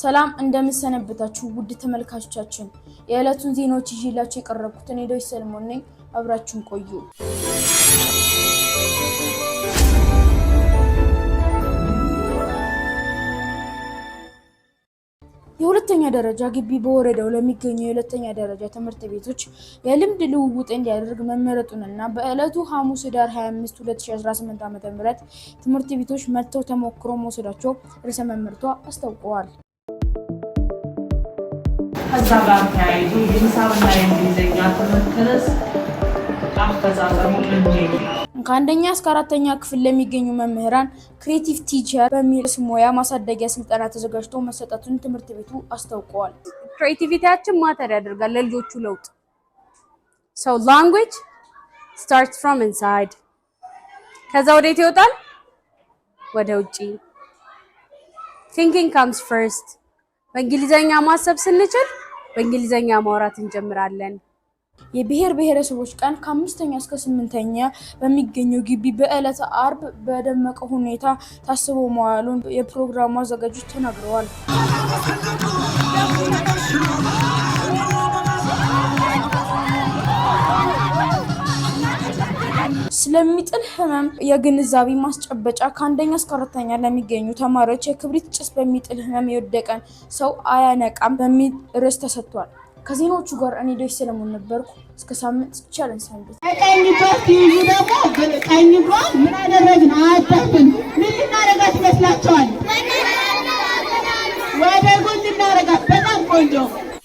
ሰላም እንደምሰነበታችሁ ውድ ተመልካቾቻችን፣ የዕለቱን ዜናዎች ይዤላችሁ የቀረብኩት እኔ ዳዊት ሰለሞን ነኝ። አብራችሁን ቆዩ። የሁለተኛ ደረጃ ግቢ በወረዳው ለሚገኙ የሁለተኛ ደረጃ ትምህርት ቤቶች የልምድ ልውውጥ እንዲያደርግ መመረጡንና በዕለቱ ሐሙስ ዳር 25 2018 ዓ.ም ትምህርት ቤቶች መጥተው ተሞክሮ መውሰዳቸው ርዕሰ መምህርቷ አስታውቀዋል። ከዛ ጋር ተያይዞ የሂሳብና የእንግሊዝኛ አፈጻጸሙ ከአንደኛ እስከ አራተኛ ክፍል ለሚገኙ መምህራን ክሬቲቭ ቲቸር በሚል ስሙያ ማሳደጊያ ስልጠና ተዘጋጅቶ መሰጠቱን ትምህርት ቤቱ አስታውቀዋል። ክሬቲቪቲያችን ማተር ያደርጋል ለልጆቹ ለውጥ ሰው ላንጉጅ ስታርት ፍሮም ኢንሳይድ ከዛ ወዴት ይወጣል? ወደ ውጪ። ቲንኪንግ ካምስ ፈርስት በእንግሊዘኛ ማሰብ ስንችል በእንግሊዘኛ ማውራት እንጀምራለን። የብሔር ብሔረሰቦች ቀን ከአምስተኛ እስከ ስምንተኛ በሚገኘው ግቢ በዕለተ አርብ በደመቀ ሁኔታ ታስቦ መዋሉን የፕሮግራሙ አዘጋጆች ተናግረዋል። ስለሚጥል ህመም የግንዛቤ ማስጨበጫ ከአንደኛ እስከ አራተኛ ለሚገኙ ተማሪዎች የክብሪት ጭስ በሚጥል ህመም የወደቀን ሰው አያነቃም በሚል ርዕስ ተሰጥቷል። ከዜናዎቹ ጋር እኔ ደስ ሰለሞን ነበርኩ። እስከ ሳምንት ቻለን ሰንበት ቀኝ ጓት ይዙ ደግሞ ቀኝ ጓት ምን አደረግን አዳፍን ምን ልናደርጋት ይመስላቸዋል? ወደ ጎን ልናደርጋት በጣም ቆንጆ